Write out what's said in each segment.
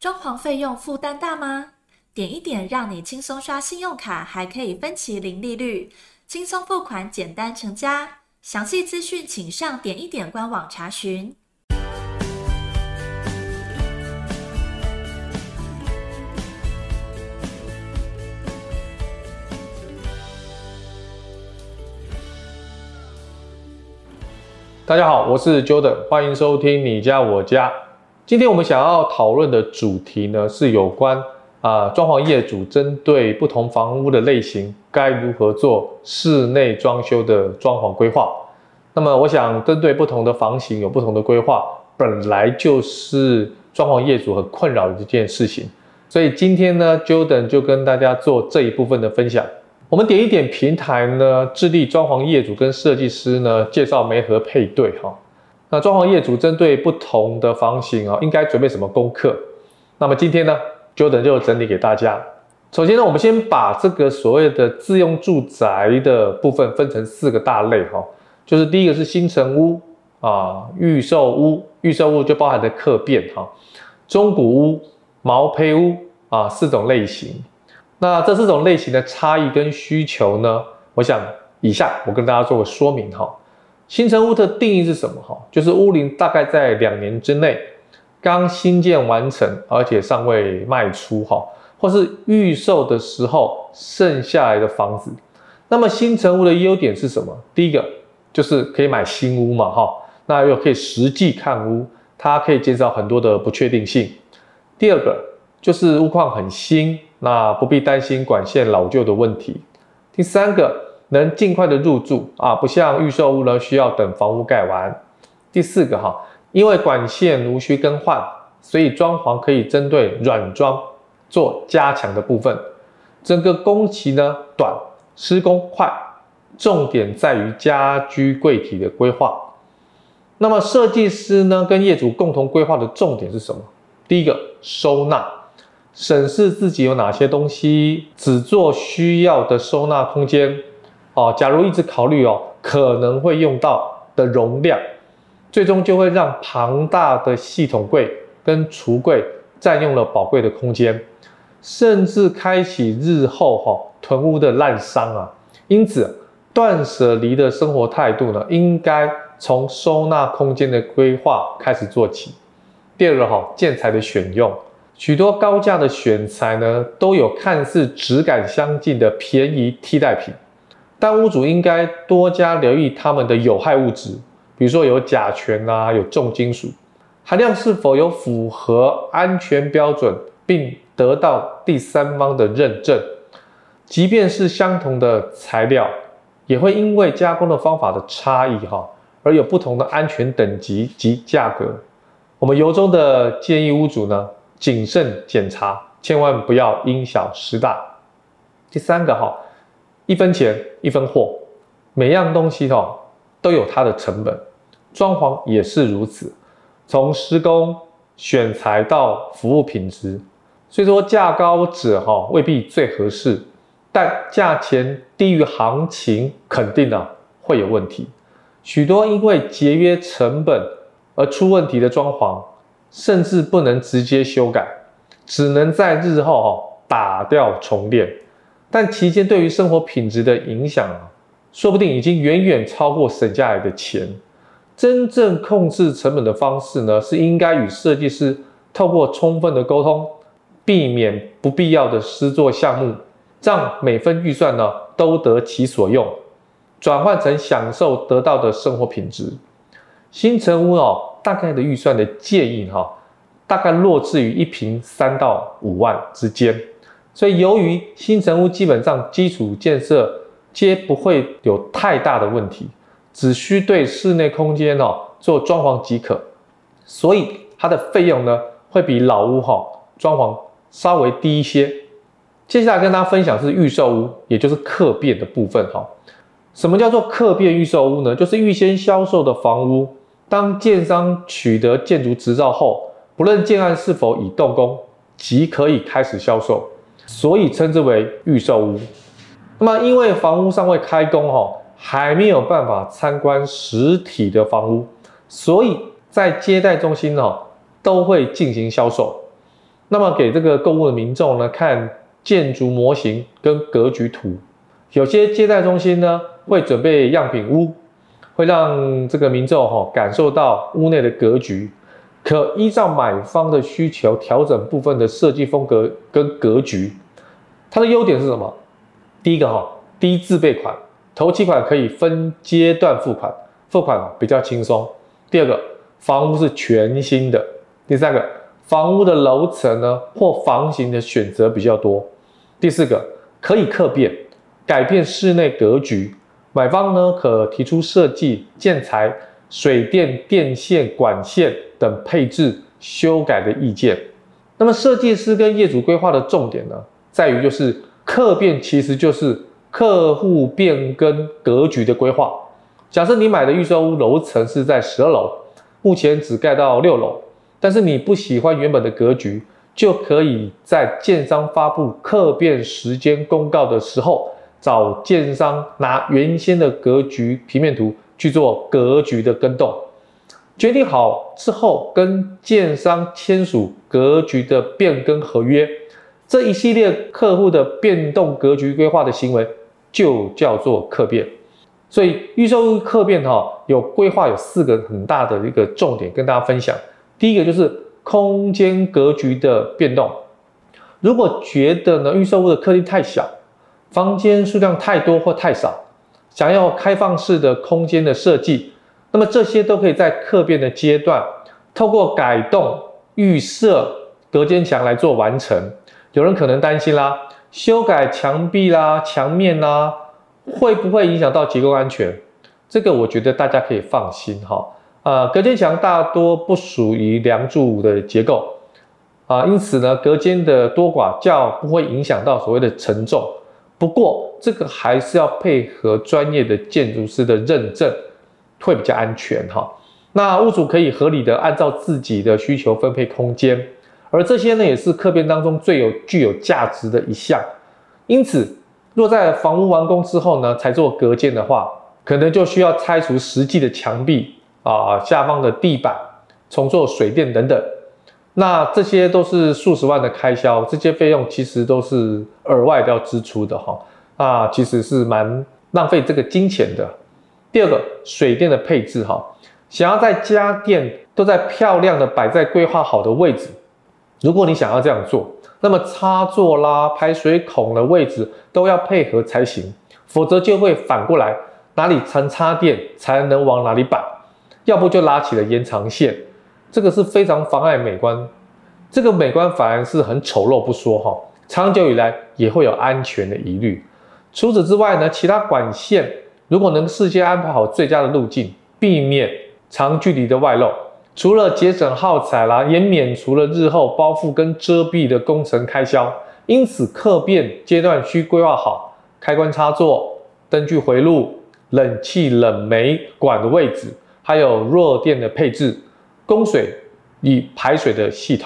裝潢費用負擔大嗎？點一點讓你輕鬆刷信用卡，還可以分期零利率，輕鬆付款，簡單成家。詳細資訊請上點一點官網查詢。大家好，我是 Jordan，歡迎收聽你家我家。今天我們想要討論的主題呢，是有關啊，裝潢業主針對不同房屋的類型，該如何做室內裝修的裝潢規劃。那麼，我想針對不同的房型有不同的規劃，本來就是裝潢業主很困擾的一件事情。所以今天呢，Jordan 就跟大家做這一部分的分享。我們點一點平台呢，致力裝潢業主跟設計師呢介紹媒合配對哈。那裝潢業主針對不同的房型啊、哦，應該準備什麼功課？那麼今天呢，Jordan 就整理給大家。首先呢，我們先把這個所謂的自用住宅的部分分成四個大類哈、哦，就是第一個是新成屋啊、預售屋、預售屋就包含的客變哈、啊、中古屋、毛坯屋啊四種類型。那這四種類型的差異跟需求呢，我想以下我跟大家做個說明哈、哦。新成屋的定義是什麼？哈，就是屋齡大概在兩年之內，剛新建完成，而且尚未賣出哈，或是預售的時候剩下來的房子。那麼新成屋的優點是什麼？第一個就是可以買新屋嘛，哈，那又可以實際看屋，它可以減少很多的不確定性。第二個就是屋況很新，那不必擔心管線老舊的問題。第三個。能儘快的入住啊，不像預售屋呢，需要等房屋蓋完。第四個哈，因為管線無需更換，所以裝潢可以針對軟裝做加強的部分。整個工期呢短，施工快，重點在於家居櫃體的規劃。那麼設計師呢，跟業主共同規劃的重點是什麼？第一個收納，審視自己有哪些東西，只做需要的收納空間。哦，假如一直考慮哦，可能會用到的容量，最終就會讓龐大的系統櫃跟櫥櫃占用了寶貴的空間，甚至開啟日後哈、哦、囤屋的濫觴啊。因此，斷捨離的生活態度呢，應該從收納空間的規劃開始做起。第二個哈，建材的選用，許多高價的選材呢，都有看似質感相近的便宜替代品。但屋主應該多加留意他們的有害物質，比如說有甲醛啊，有重金屬含量是否有符合安全標準，並得到第三方的認證。即便是相同的材料，也會因為加工的方法的差異哈，而有不同的安全等級及價格。我們由衷的建議屋主呢，謹慎檢查，千萬不要因小失大。第三個哈。一分錢一分貨，每樣東西哈都有它的成本，裝潢也是如此。從施工、選材到服務品質，雖說價高者哈未必最合適，但價錢低於行情肯定啊會有問題。許多因為節約成本而出問題的裝潢，甚至不能直接修改，只能在日後哈打掉重練。但期間對於生活品質的影響啊，說不定已經遠遠超過省下來的錢。真正控制成本的方式呢，是應該與設計師透過充分的溝通，避免不必要的施作項目，讓每份預算呢都得其所用，轉換成享受得到的生活品質。新成屋哦，大概的預算的建議哈、哦，大概落至於一坪三到五萬之間。所以，由於新成屋基本上基礎建設皆不會有太大的問題，只需對室內空間做裝潢即可，所以它的費用呢會比老屋哈裝潢稍微低一些。接下來跟大家分享是預售屋，也就是客變的部分哈。什麼叫做客變預售屋呢？就是預先銷售的房屋，當建商取得建築執照後，不論建案是否已動工，即可以開始銷售。所以稱之為預售屋。那麼，因為房屋尚未開工哈、喔，還沒有辦法參觀實體的房屋，所以在接待中心哦、喔，都會進行銷售。那麼給這個購物的民眾呢看建築模型跟格局圖。有些接待中心呢會準備樣品屋，會讓這個民眾哈、喔，感受到屋內的格局。可依照買方的需求調整部分的設計風格跟格局。它的優點是什麼？第一個哈，低自備款，頭期款可以分階段付款，付款比較輕鬆。第二個，房屋是全新的。第三個，房屋的樓層呢或房型的選擇比較多。第四個，可以客變，改變室內格局。買方呢可提出設計、建材、水電、電線、管線。等配置修改的意見。那麼設計師跟業主規劃的重點呢，在於就是客變，其實就是客戶變更格局的規劃。假設你買的預售屋樓層是在十二樓，目前只蓋到六樓，但是你不喜歡原本的格局，就可以在建商發布客變時間公告的時候，找建商拿原先的格局平面圖去做格局的更動。決定好之後，跟建商簽署格局的變更合約，這一系列客戶的變動格局規劃的行為，就叫做客變。所以預售屋客變哈，有規劃有四個很大的一個重點跟大家分享。第一個就是空間格局的變動，如果覺得呢預售屋的客廳太小，房間數量太多或太少，想要開放式的空間的設計。那麼這些都可以在客變的階段，透過改動預設隔間牆來做完成。有人可能擔心啦，修改牆壁啦、啊、牆面啦、啊，會不會影響到結構安全？這個我覺得大家可以放心哈、哦。呃，隔間牆大多不屬於樑柱的結構啊、呃，因此呢，隔間的多寡較不會影響到所謂的承重。不過這個還是要配合專業的建築師的認證。會比較安全哈，那屋主可以合理的按照自己的需求分配空間，而這些呢也是客變當中最有具有價值的一項。因此，若在房屋完工之後呢才做隔間的話，可能就需要拆除實際的牆壁啊、下方的地板、重做水電等等，那這些都是數十萬的開銷，這些費用其實都是額外的要支出的哈，那、啊、其實是蠻浪費這個金錢的。第二個水電的配置哈，想要在家電都在漂亮的擺在規劃好的位置，如果你想要這樣做，那麼插座啦、排水孔的位置都要配合才行，否則就會反過來哪裡藏插電才能往哪裡擺，要不就拉起了延長線，這個是非常妨礙美觀，這個美觀反而是很醜陋不說哈，長久以來也會有安全的疑慮。除此之外呢，其他管線。如果能事先安排好最佳的路徑，避免長距離的外露，除了節省耗材啦，也免除了日後包覆跟遮蔽的工程開銷。因此，客變階段需規劃好開關插座、燈具回路、冷氣冷媒管的位置，還有弱電的配置、供水與排水的系統。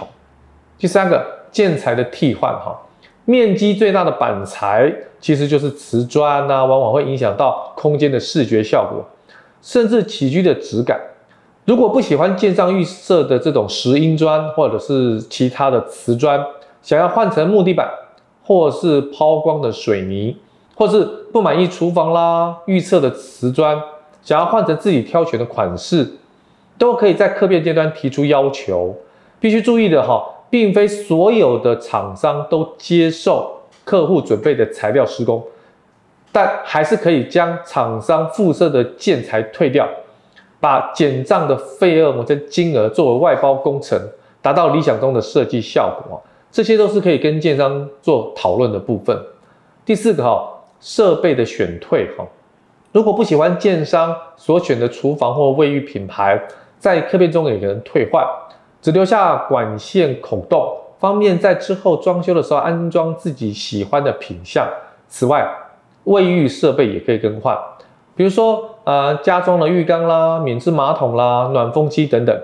第三個，建材的替換哈。面積最大的板材其實就是瓷磚啊，往往會影響到空間的視覺效果，甚至起居的質感。如果不喜歡建商預設的這種石英磚或者是其他的瓷磚，想要換成木地板，或是拋光的水泥，或是不滿意廚房啦預設的瓷磚，想要換成自己挑選的款式，都可以在客變階段提出要求。必須注意的哈。並非所有的廠商都接受客戶準備的材料施工，但還是可以將廠商附設的建材退掉，把減賬的費用摩征金額作為外包工程，達到理想中的設計效果。這些都是可以跟建商做討論的部分。第四個哈，設備的選退哈，如果不喜歡建商所選的廚房或衛浴品牌，在客變中有權退換。只留下管線孔洞，方便在之後裝修的時候安裝自己喜歡的品項。此外，衛浴設備也可以更換，比如說，呃，加裝了浴缸啦、免治馬桶啦、暖風機等等。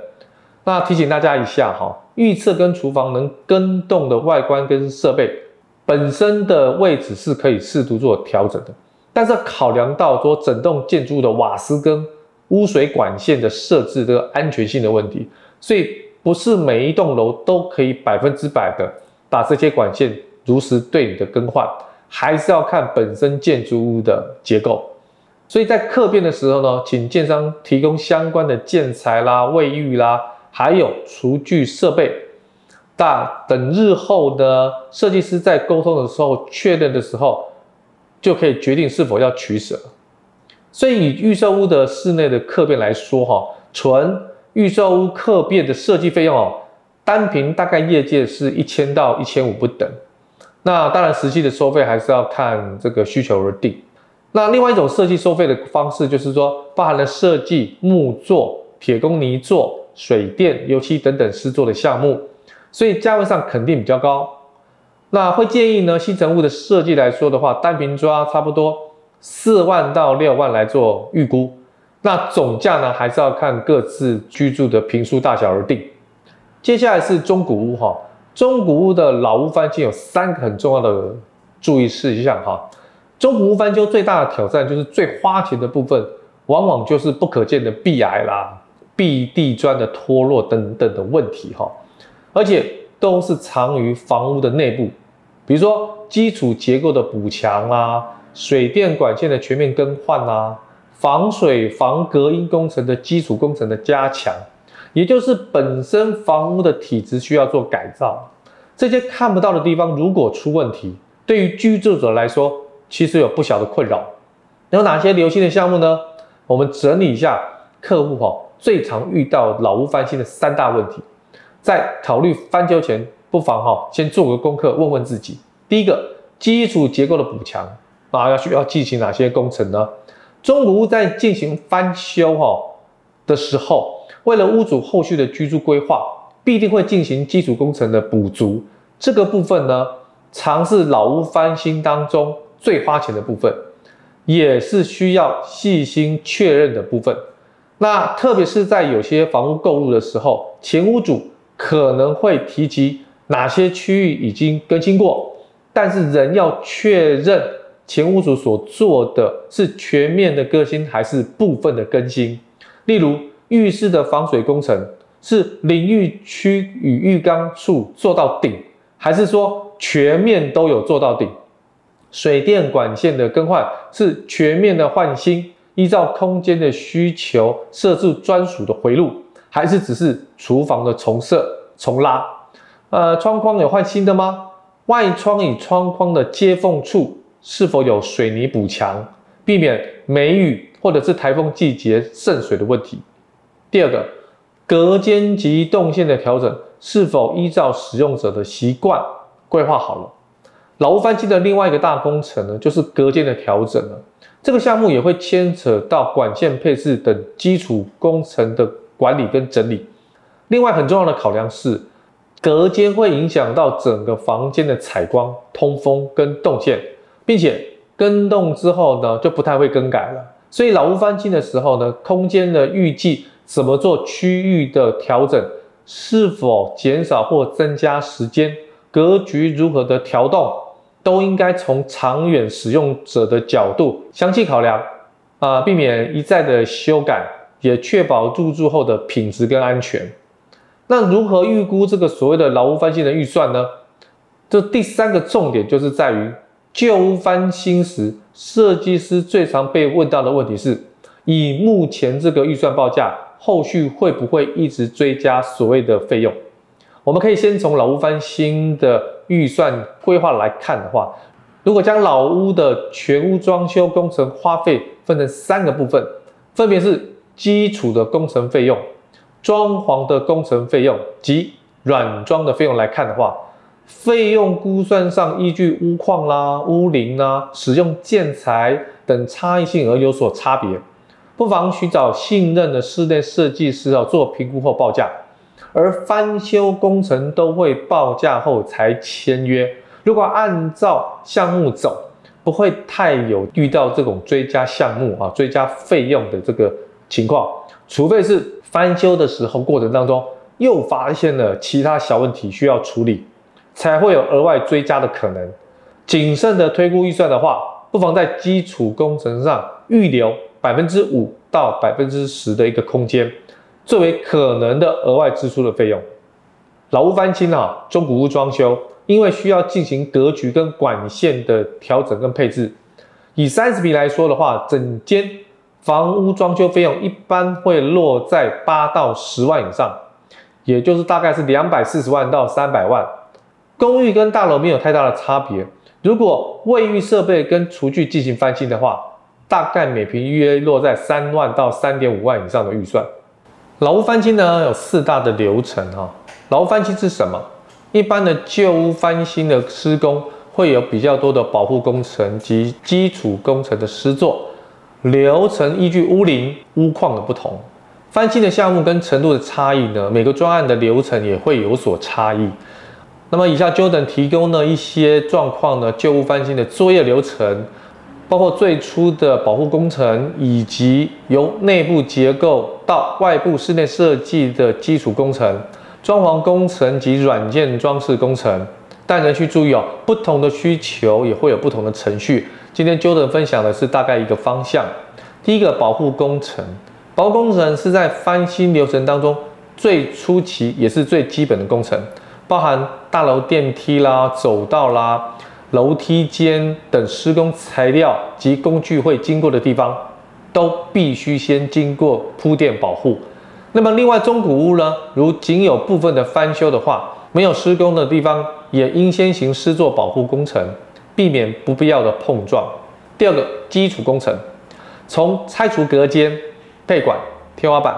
那提醒大家一下哈，浴室跟廚房能更動的外觀跟設備本身的位置是可以適度做調整的，但是考量到說整棟建築的瓦斯跟污水管線的設置的安全性的問題，所以。不是每一棟樓都可以百分之百的把這些管線如實對你的更換，還是要看本身建築物的結構。所以在客變的時候呢，請建商提供相關的建材啦、衛浴啦，還有廚具設備。那等日後呢，設計師在溝通的時候確認的時候，就可以決定是否要取捨。所以以預售屋的室內的客變來說，哈，純。預售屋客變的設計費用哦，單坪大概業界是一千到一千五不等。那當然實際的收費還是要看這個需求而定。那另外一種設計收費的方式就是說，包含了設計木作、鐵工泥作、水電、油漆等等施作的項目，所以價位上肯定比較高。那會建議呢，新成屋的設計來說的話，單坪抓差不多四萬到六萬來做預估。那總價呢，還是要看各自居住的坪數大小而定。接下來是中古屋哈，中古屋的老屋翻新有三個很重要的注意事項哈。中古屋翻修最大的挑戰就是最花錢的部分，往往就是不可見的壁癌啦、壁地磚的脫落等等的問題哈，而且都是藏於房屋的內部，比如說基礎結構的補強啊，水電管線的全面更換啊，防水、防隔音工程的基礎工程的加強，也就是本身房屋的體質需要做改造。這些看不到的地方，如果出問題，對於居住者來說，其實有不小的困擾。有哪些流行的項目呢？我們整理一下客戶哈最常遇到老屋翻新的三大問題，在考慮翻修前，不妨哈先做個功課，問問自己：第一個，基礎結構的補強啊，要需要進行哪些工程呢？中古屋在進行翻修哈的時候，為了屋主後續的居住規劃，必定會進行基礎工程的補足。這個部分呢，常是老屋翻新當中最花錢的部分，也是需要細心確認的部分。那特別是在有些房屋購入的時候，前屋主可能會提及哪些區域已經更新過，但是仍要確認。前屋主所做的是全面的更新還是部分的更新？例如浴室的防水工程是淋浴區與浴缸處做到頂，還是說全面都有做到頂？水電管線的更換是全面的換新，依照空間的需求設置專屬的回路，還是只是廚房的重設重拉？呃，窗框有換新的嗎？外窗與窗框的接縫處？是否有水泥補牆，避免梅雨或者是台風季節滲水的問題？第二個隔間及動線的調整是否依照使用者的習慣規劃好了？老屋翻新的另外一個大工程呢，就是隔間的調整了。這個項目也會牽扯到管線配置等基礎工程的管理跟整理。另外，很重要的考量是隔間會影響到整個房間的採光、通風跟動線。並且，更動之後呢，就不太會更改了。所以，老屋翻新的時候呢，空間的預計怎麼做區域的調整，是否減少或增加時間，格局如何的調動，都應該從長遠使用者的角度詳細考量啊，避免一再的修改，也確保入住後的品質跟安全。那如何預估這個所謂的老屋翻新的預算呢？這第三個重點就是在於。舊屋翻新時，設計師最常被問到的問題是：以目前這個預算報價，後續會不會一直追加所謂的費用？我們可以先從老屋翻新的預算規劃來看的話，如果將老屋的全屋裝修工程花費分成三個部分，分別是基礎的工程費用、裝潢的工程費用及軟裝的費用來看的話。費用估算上依據屋況、啦、屋齡啦、使用建材等差異性而有所差別，不妨尋找信任的室內設計師啊做評估或報價。而翻修工程都會報價後才簽約，如果按照項目走，不會太有遇到這種追加項目啊、追加費用的這個情況，除非是翻修的時候過程當中又發現了其他小問題需要處理，才會有額外追加的可能。謹慎的推估預算的話，不妨在基礎工程上預留百分之五到百分之十的一個空間，作為可能的額外支出的費用。老屋翻新啊，中古屋裝修，因為需要進行格局跟管線的調整跟配置，以三十坪來說的話，整間房屋裝修費用一般會落在八到十萬以上，也就是大概是兩百四十萬到三百萬。公寓跟大樓沒有太大的差別。如果衛浴設備跟廚具進行翻新的話，大概每平約落在三萬到三點五萬以上的預算。老屋翻新呢，有四大的流程哈。老屋翻新是什麼？一般的舊屋翻新的施工會有比較多的保護工程及基礎工程的施作。流程依據屋齡、屋況的不同，翻新的項目跟程度的差異呢，每個專案的流程也會有所差異。那麼，以下 Jordan 提供的一些狀況呢，舊屋翻新的作業流程，包括最初的保護工程，以及由內部結構到外部室內設計的基礎工程、裝潢工程及軟件裝飾工程。但仍需注意哦，不同的需求也會有不同的程序。今天 Jordan 分享的是大概一個方向。第一個保護工程，保護工程是在翻新流程當中最初期也是最基本的工程。包含大樓電梯啦、走道啦、樓梯間等施工材料及工具會經過的地方，都必須先經過鋪墊保護。那麼，另外中古屋呢，如僅有部分的翻修的話，沒有施工的地方也應先行施作保護工程，避免不必要的碰撞。第二個，基礎工程，從拆除隔間、配管、天花板、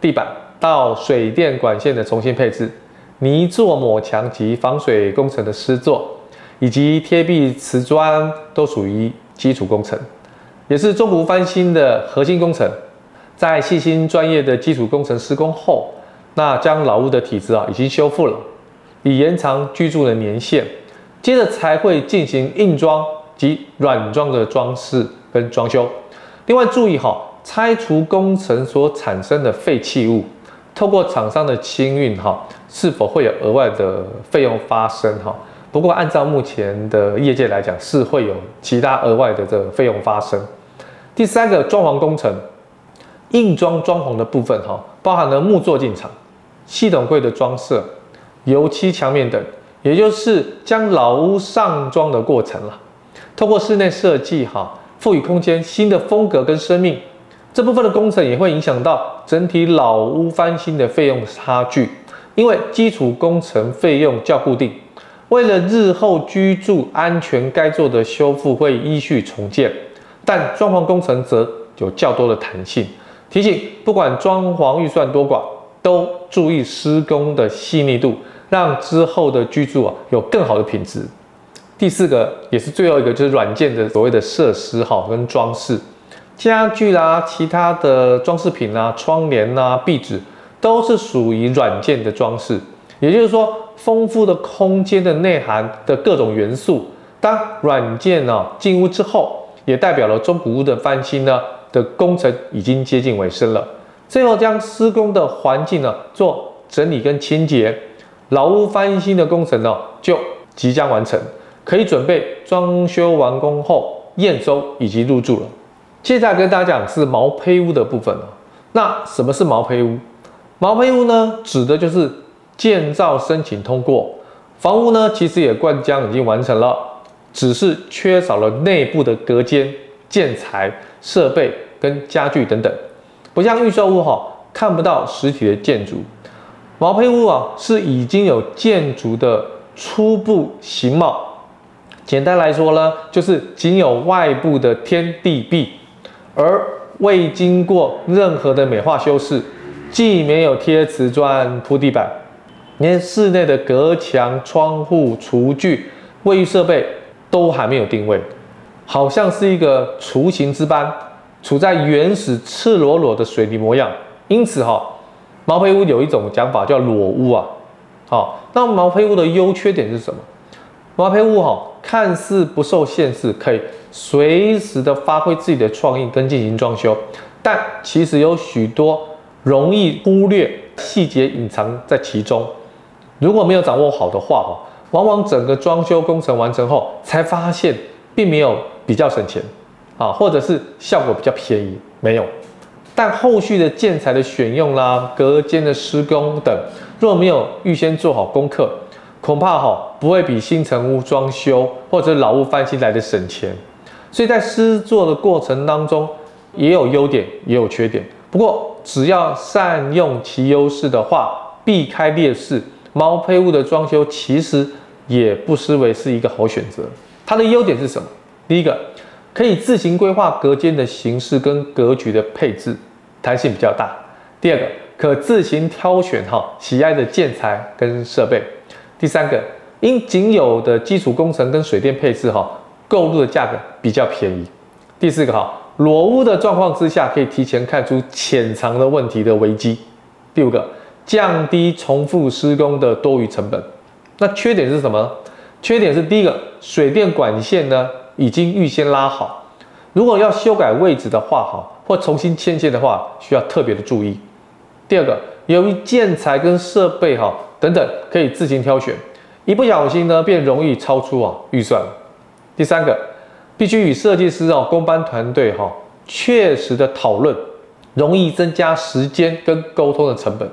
地板到水電管線的重新配置。泥作抹牆及防水工程的施作，以及貼壁瓷磚都屬於基礎工程，也是中古翻新的核心工程。在細心專業的基礎工程施工後，那將老屋的體質啊已經修復了，以延長居住的年限。接着才會進行硬裝及軟裝的裝飾跟裝修。另外注意哈、哦，拆除工程所產生的廢棄物，透過廠商的清運哈，是否會有額外的費用發生？哈，不過按照目前的業界來講，是會有其他額外的這個費用發生。第三個裝潢工程，硬裝裝潢的部分，哈，包含了木作進場、系統櫃的裝設、油漆牆面等，也就是將老屋上裝的過程了。通過室內設計，哈，賦予空間新的風格跟生命，這部分的工程也會影響到整體老屋翻新的費用差距。因為基礎工程費用較固定，為了日後居住安全，該做的修復會依序重建，但裝潢工程則有較多的彈性。提醒，不管裝潢預算多寡，都注意施工的細膩度，讓之後的居住啊有更好的品質。第四個也是最後一個，就是軟件的所謂的設施哈、啊、跟裝飾，家具啦、啊、其他的裝飾品啊、窗簾啊、壁紙。都是屬於軟件的裝飾，也就是說，豐富的空間的內涵的各種元素，當軟件呢進屋之後，也代表了中古屋的翻新呢的工程已經接近尾聲了。最後將施工的環境呢做整理跟清潔，老屋翻新的工程呢就即將完成，可以準備裝修完工後驗收以及入住了。接下來跟大家講是毛坯屋的部分，那什麼是毛坯屋？毛坯屋呢，指的就是建造申請通過，房屋呢其實也灌漿已經完成了，只是缺少了內部的隔間、建材、設備跟家具等等。不像預售屋哈，看不到實體的建築。毛坯屋啊，是已經有建築的初步形貌。簡單來說呢，就是僅有外部的天地壁，而未經過任何的美化修飾。既沒有貼瓷磚、鋪地板，連室內的隔牆、窗戶、廚具、衛浴設備都還沒有定位，好像是一個雛形之般，處在原始、赤裸裸的水泥模樣。因此，哈毛坯屋有一種講法叫“裸屋”啊。好，那毛坯屋的優缺點是什麼？毛坯屋哈看似不受限制，可以隨時的發揮自己的創意跟進行裝修，但其實有許多。容易忽略細節隱藏在其中，如果沒有掌握好的話，往往整個裝修工程完成後才發現，並沒有比較省錢，啊，或者是效果比較便宜，沒有。但後續的建材的選用啦、啊、隔間的施工等，若沒有預先做好功課，恐怕哈不會比新成屋裝修或者老屋翻新來得省錢。所以在施作的過程當中也有優點，也有缺點，不過。只要善用其優勢的話，避開劣勢，毛坯屋的裝修其實也不失為是一個好選擇。它的優點是什麼？第一個，可以自行規劃隔間的形式跟格局的配置，彈性比較大；第二個，可自行挑選哈喜愛的建材跟設備；第三個，因僅有的基礎工程跟水電配置哈，購入的價格比較便宜；第四個哈。裸屋的狀況之下，可以提前看出潛藏的問題的危機。第五個，降低重複施工的多餘成本。那缺點是什麼？缺點是第一個，水電管線呢已經預先拉好，如果要修改位置的話，哈，或重新牽線的話，需要特別的注意。第二個，由於建材跟設備哈等等可以自行挑選，一不小心呢便容易超出啊預算。第三個。必須與設計師哦、工班團隊哈確實的討論，容易增加時間跟溝通的成本。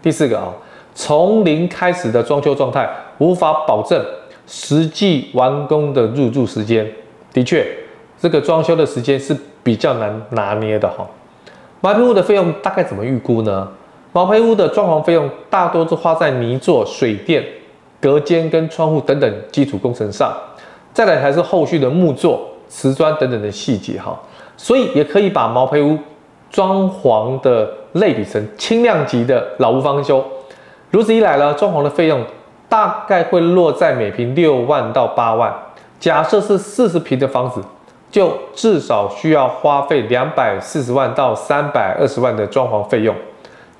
第四個啊，從零開始的裝修狀態無法保證實際完工的入住時間。的確，這個裝修的時間是比較難拿捏的哈。毛坯屋的費用大概怎麼預估呢？毛坯屋的裝潢費用大多都花在泥作、水電、隔間跟窗戶等等基礎工程上。再來才是後續的木作、瓷磚等等的細節哈，所以也可以把毛坯屋裝潢的類比成輕量級的老屋翻修，如此一來呢，裝潢的費用大概會落在每坪六萬到八萬，假設是四十坪的房子，就至少需要花費兩百四十萬到三百二十萬的裝潢費用，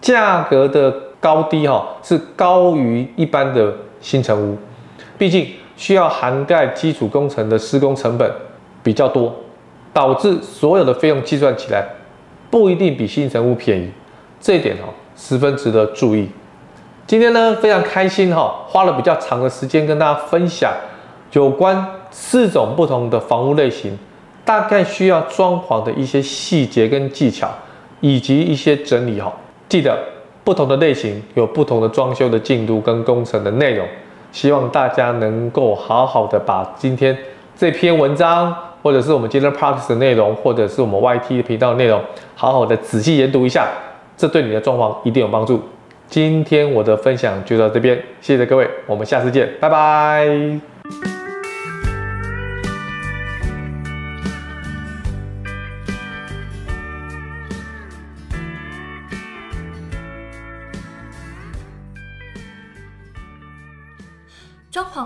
價格的高低哈是高於一般的新成屋，畢竟。需要涵蓋基礎工程的施工成本比較多，導致所有的費用計算起來不一定比新成屋便宜，這一點哦十分值得注意。今天呢非常開心哈，花了比較長的時間跟大家分享有關四種不同的房屋類型，大概需要裝潢的一些細節跟技巧，以及一些整理哈。記得不同的類型有不同的裝修的進度跟工程的內容。希望大家能夠好好的把今天這篇文章，或者是我們今天的 practice 的內容，或者是我們 YT 頻道內容，好好的仔細研讀一下，這對你的裝潢一定有幫助。今天我的分享就到這邊，謝謝各位，我們下次見，拜拜。